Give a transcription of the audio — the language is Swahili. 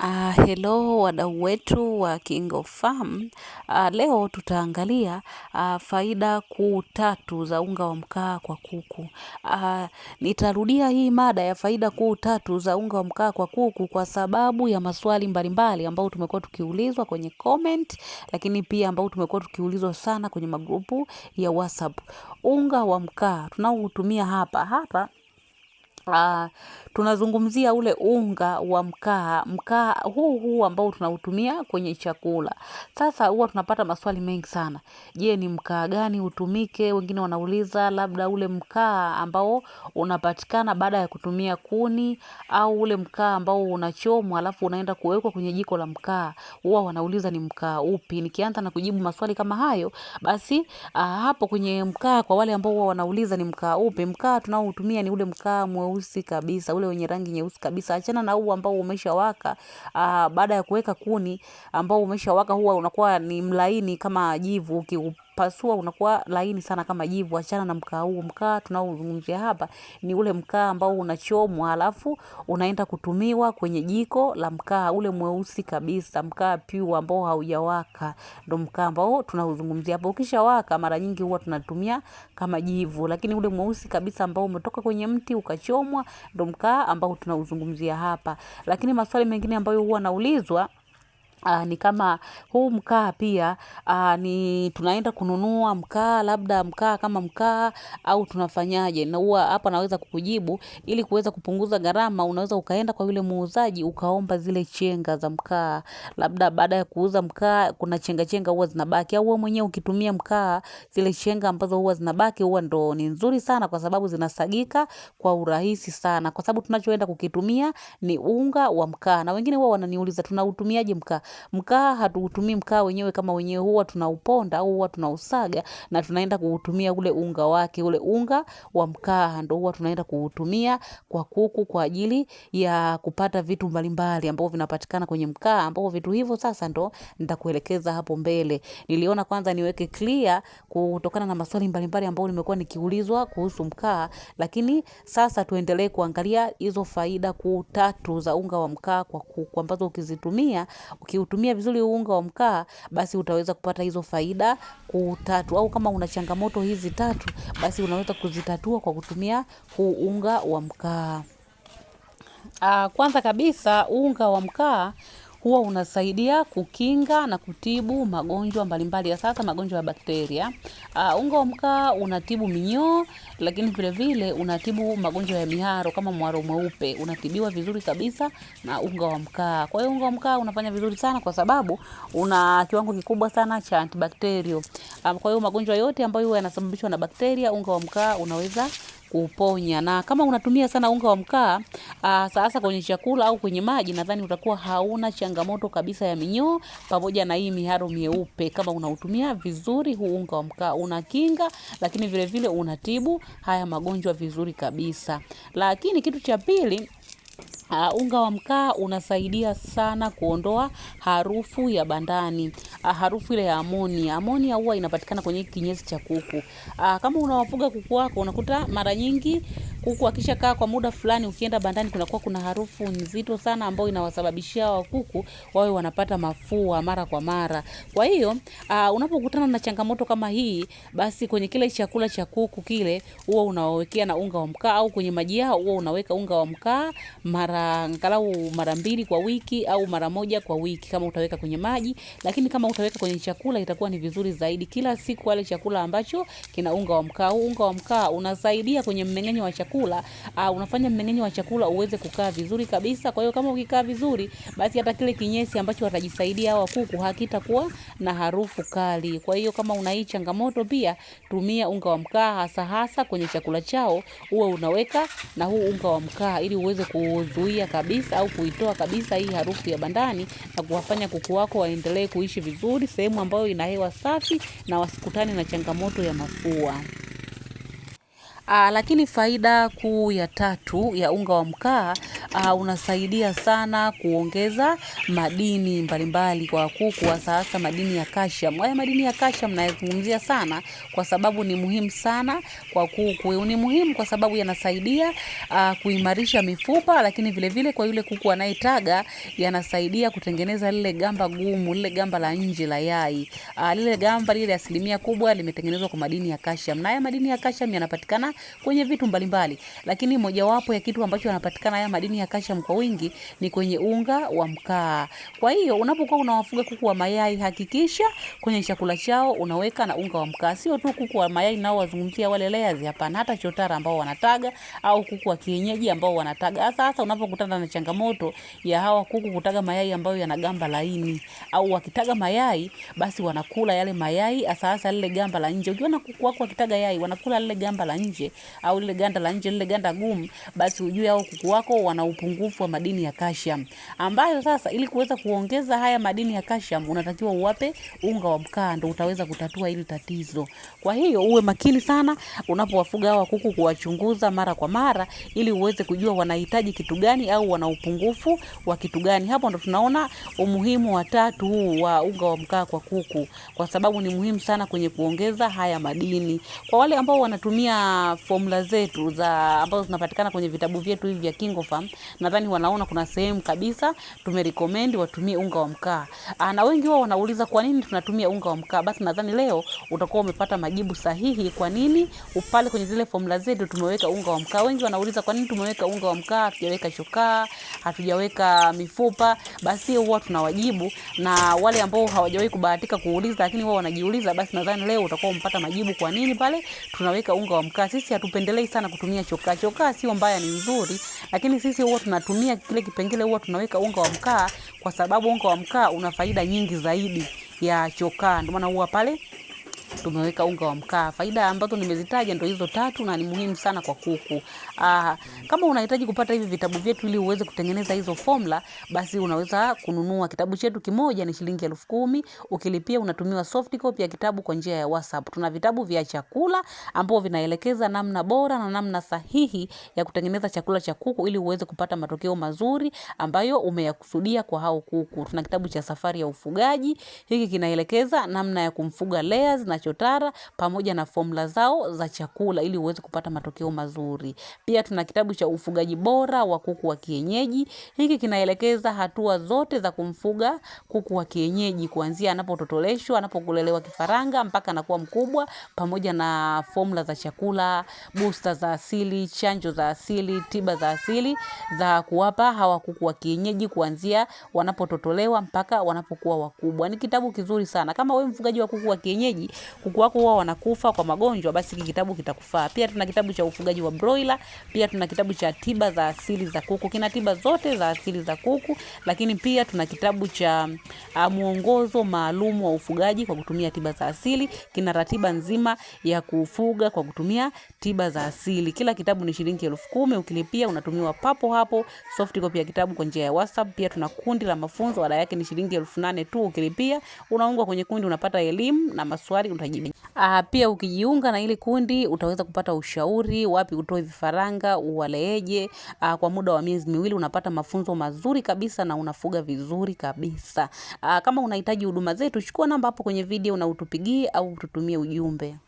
Uh, hello wadau wetu wa Kingo Farm. Uh, leo tutaangalia uh, faida kuu tatu za unga wa mkaa kwa kuku. Uh, nitarudia hii mada ya faida kuu tatu za unga wa mkaa kwa kuku kwa sababu ya maswali mbalimbali ambayo tumekuwa tukiulizwa kwenye comment, lakini pia ambao tumekuwa tukiulizwa sana kwenye magrupu ya WhatsApp. Unga wa mkaa tunaoutumia hapa hapa Uh, tunazungumzia ule unga wa mkaa. Mkaa huu huu ambao tunautumia kwenye chakula. Sasa huwa tunapata maswali mengi sana. Je, ni mkaa gani utumike? Wengine wanauliza labda ule mkaa ambao unapatikana baada ya kutumia kuni au ule mkaa ambao unachomwa alafu unaenda kuwekwa kwenye jiko la mkaa. Huwa wanauliza ni mkaa upi. Nikianza na kujibu maswali kama hayo, basi uh, hapo kwenye mkaa kwa wale ambao huwa wanauliza ni mkaa upi, mkaa tunaoutumia ni ule mkaa mweusi mweusi kabisa, ule wenye rangi nyeusi kabisa. Achana na huu ambao umeshawaka. Ah, baada ya kuweka kuni ambao umeshawaka, huwa unakuwa ni mlaini kama jivu uki pasua unakuwa laini sana kama jivu. Achana na mkaa huu. Mkaa tunaozungumzia hapa ni ule mkaa ambao unachomwa alafu unaenda kutumiwa kwenye jiko la mkaa ule mweusi kabisa, mkaa piu ambao haujawaka, ndo mkaa ambao tunaozungumzia hapo. Ukishawaka mara nyingi huwa tunatumia kama jivu, lakini ule mweusi kabisa ambao umetoka kwenye mti ukachomwa, ndo mkaa ambao tunauzungumzia hapa. Lakini maswali mengine ambayo huwa naulizwa Uh, ni kama huu mkaa pia uh, ni tunaenda kununua mkaa labda mkaa kama mkaa au tunafanyaje? Na huwa hapa naweza kukujibu, ili kuweza kupunguza gharama, unaweza ukaenda kwa yule muuzaji ukaomba zile chenga za mkaa, labda baada ya kuuza mkaa kuna chenga chenga huwa zinabaki, au wewe mwenyewe ukitumia mkaa zile chenga ambazo huwa zinabaki huwa ndo ni nzuri sana, kwa sababu zinasagika kwa urahisi sana, kwa sababu tunachoenda kukitumia ni unga wa mkaa. Na wengine huwa wananiuliza tunautumiaje mkaa? Mkaa hatuutumii mkaa wenyewe kama wenyewe, huwa tunauponda au huwa tunausaga na tunaenda kuutumia ule unga wake, ule unga wa mkaa ndo huwa tunaenda kuutumia kwa kuku kwa ajili ya kupata vitu mbalimbali ambavyo vinapatikana kwenye mkaa, ambapo vitu hivyo sasa ndo nitakuelekeza hapo mbele. Niliona kwanza niweke clear kutokana na maswali mbalimbali ambayo nimekuwa nikiulizwa kuhusu mkaa, lakini sasa tuendelee kuangalia hizo faida kuu tatu za unga wa mkaa kwa kuku ambazo ukizitumia uki ukiutumia vizuri unga wa mkaa, basi utaweza kupata hizo faida kuu tatu, au kama una changamoto hizi tatu, basi unaweza kuzitatua kwa kutumia huu unga wa mkaa. Ah, kwanza kabisa unga wa mkaa huwa unasaidia kukinga na kutibu magonjwa mbalimbali, ya sasa magonjwa ya bakteria. Uh, unga wa mkaa unatibu minyoo, lakini vile vile unatibu magonjwa ya miharo kama mwaro mweupe, unatibiwa vizuri kabisa na unga wa mkaa. Kwa hiyo unga wa mkaa unafanya vizuri sana kwa sababu una kiwango kikubwa sana cha antibakterio. Um, ah, kwa hiyo magonjwa yote ambayo yanasababishwa na bakteria, unga wa mkaa unaweza kuponya. Na kama unatumia sana unga wa mkaa uh, ah, sasa kwenye chakula au kwenye maji, nadhani utakuwa hauna changamoto kabisa ya minyoo pamoja na hii miharo mieupe. Kama unautumia vizuri huu unga wa mkaa, unakinga lakini vile vile unatibu haya magonjwa vizuri kabisa. Lakini kitu cha pili Uh, unga wa mkaa unasaidia sana kuondoa harufu ya bandani. Uh, harufu ile ya amonia. Amonia huwa inapatikana kwenye kinyesi cha kuku. Uh, kama unawafuga kuku wako unakuta mara nyingi kuku akisha kaa kwa muda fulani, ukienda bandani kunakuwa kuna harufu nzito sana ambayo inawasababishia wa kuku wawe wanapata mafua mara kwa mara. Kwa hiyo uh, unapokutana na changamoto kama hii, basi kwenye kile chakula cha kuku kile huwa unawawekea na unga wa mkaa au kwenye maji yao huwa unaweka unga wa mkaa mara mara angalau mara mbili kwa wiki au mara moja kwa wiki, kama utaweka kwenye maji. Lakini kama utaweka kwenye chakula itakuwa ni vizuri zaidi, kila siku wale chakula ambacho kina unga wa mkaa. Unga wa mkaa unasaidia kwenye mmeng'enyo wa chakula, uh, unafanya mmeng'enyo wa chakula uweze kukaa vizuri kabisa. Kwa hiyo kama ukikaa vizuri, basi hata kile kinyesi ambacho watajisaidia hawa kuku hakitakuwa na harufu kali. Kwa hiyo kama una hii changamoto pia, tumia unga wa mkaa hasa hasa kwenye chakula chao, uwe unaweka na huu unga wa mkaa ili uweze kuzu kuizuia kabisa au kuitoa kabisa hii harufu ya bandani na kuwafanya kuku wako waendelee kuishi vizuri sehemu ambayo ina hewa safi na wasikutane na changamoto ya mafua. Aa, ah, lakini faida kuu ya tatu ya unga wa mkaa uh, unasaidia sana kuongeza madini mbalimbali kwa kuku, hasa hasa madini ya calcium. Haya madini ya calcium nayazungumzia sana kwa sababu ni muhimu sana kwa kuku. Ni muhimu kwa sababu yanasaidia uh, kuimarisha mifupa, lakini vile vile kwa yule kuku anayetaga yanasaidia kutengeneza lile gamba gumu, lile gamba la nje la yai. Uh, lile gamba lile asilimia kubwa limetengenezwa kwa madini ya calcium. Na haya madini ya calcium yanapatikana kwenye vitu mbalimbali, lakini mojawapo ya kitu ambacho yanapatikana haya madini madini ya calcium kwa wingi ni kwenye unga wa mkaa. Kwa hiyo unapokuwa unawafuga kuku wa mayai, hakikisha kwenye chakula chao unaweka na unga wa mkaa. Sio tu kuku wa mayai nao wazungumzia wale layers, hapana, hata chotara ambao wanataga au kuku wa kienyeji ambao wanataga. Sasa hasa unapokutana na changamoto ya hawa kuku kutaga mayai ambayo yana gamba laini au wakitaga mayai basi wanakula yale mayai hasa hasa lile gamba la nje. Ukiona kuku wako wakitaga yai wanakula lile gamba la nje au lile ganda la nje, lile ganda gumu, basi ujue hao kuku wako wana upungufu wa madini ya calcium, ambayo sasa ili kuweza kuongeza haya madini ya calcium unatakiwa uwape unga wa mkaa, ndio utaweza kutatua hili tatizo. Kwa hiyo uwe makini sana unapowafuga hawa kuku, kuwachunguza mara kwa mara ili uweze kujua wanahitaji kitu gani au wana upungufu wa kitu gani. Hapo ndo tunaona umuhimu wa tatu huu wa unga wa mkaa kwa kuku, kwa sababu ni muhimu sana kwenye kuongeza haya madini. Kwa wale ambao wanatumia formula zetu za ambazo zinapatikana kwenye vitabu vyetu hivi vya KingoFarm, nadhani wanaona kuna sehemu kabisa tumerecommend watumie unga wa mkaa. Ah, na wengi wao wanauliza kwa nini tunatumia unga wa mkaa. Basi nadhani leo utakuwa umepata majibu sahihi kwa nini pale kwenye zile formula zetu tumeweka unga wa mkaa. Wengi wanauliza kwa nini tumeweka unga wa mkaa, hatujaweka chokaa, hatujaweka mifupa. Basi huwa tunawajibu na wale ambao hawajawahi kubahatika kuuliza lakini wao wanajiuliza, basi nadhani leo utakuwa umepata majibu kwa nini pale tunaweka unga wa mkaa. Sisi hatupendelei sana kutumia chokaa. Chokaa sio mbaya, ni nzuri, lakini sisi huwa tunatumia kile kipengele, huwa tunaweka unga wa mkaa, kwa sababu unga wa mkaa una faida nyingi zaidi ya chokaa, ndio maana huwa pale tumeweka unga wa mkaa. Faida ambazo nimezitaja ndio hizo tatu na ni muhimu sana kwa kuku. Aa, ah, kama unahitaji kupata hivi vitabu vyetu ili uweze kutengeneza hizo formula, basi unaweza kununua kitabu chetu kimoja ni shilingi elfu kumi. Ukilipia unatumiwa soft copy ya kitabu kwa njia ya WhatsApp. Tuna vitabu vya chakula ambavyo vinaelekeza namna bora na namna sahihi ya kutengeneza chakula cha kuku ili uweze kupata matokeo mazuri ambayo umeyakusudia kwa hao kuku. Tuna kitabu cha safari ya ufugaji. Hiki kinaelekeza namna ya kumfuga layers na chochote chotara pamoja na formula zao za chakula ili uweze kupata matokeo mazuri. Pia tuna kitabu cha ufugaji bora wa kuku wa kienyeji. Hiki kinaelekeza hatua zote za kumfuga kuku wa kienyeji kuanzia anapototoleshwa, anapokulelewa kifaranga mpaka anakuwa mkubwa pamoja na formula za chakula, booster za asili, chanjo za asili, tiba za asili za kuwapa hawa kuku wa kienyeji kuanzia wanapototolewa mpaka wanapokuwa wakubwa. Ni kitabu kizuri sana. Kama wewe mfugaji wa kuku wa kienyeji kuku wako huwa wanakufa kwa magonjwa, basi hiki kitabu kitakufaa. Pia tuna kitabu cha ufugaji wa broiler, pia tuna kitabu cha tiba za asili za kuku, kina tiba zote za asili za kuku, lakini pia tuna kitabu cha uh, mwongozo maalum wa ufugaji kwa kutumia tiba za asili, kina ratiba nzima ya kufuga kwa kutumia tiba za asili. Kila kitabu ni shilingi elfu kumi ukilipia unatumiwa papo hapo soft copy ya kitabu kwa njia ya WhatsApp. Pia tuna kundi la mafunzo, ada yake ni shilingi elfu nane tu, ukilipia unaungwa kwenye kundi, unapata elimu na maswali utaji Aa, ah, Pia ukijiunga na ile kundi utaweza kupata ushauri wapi utoe vifaranga, uwaleeje ah, kwa muda wa miezi miwili. Unapata mafunzo mazuri kabisa na unafuga vizuri kabisa. Ah, kama unahitaji huduma zetu, chukua namba hapo kwenye video na utupigie au ututumie ujumbe.